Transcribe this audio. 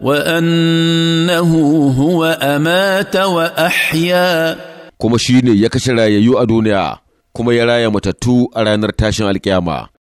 وأنه هو أمات وأحيا kuma shi ne ya kashe rayayyu a duniya kuma ya raya matattu a ranar tashin alkiyama.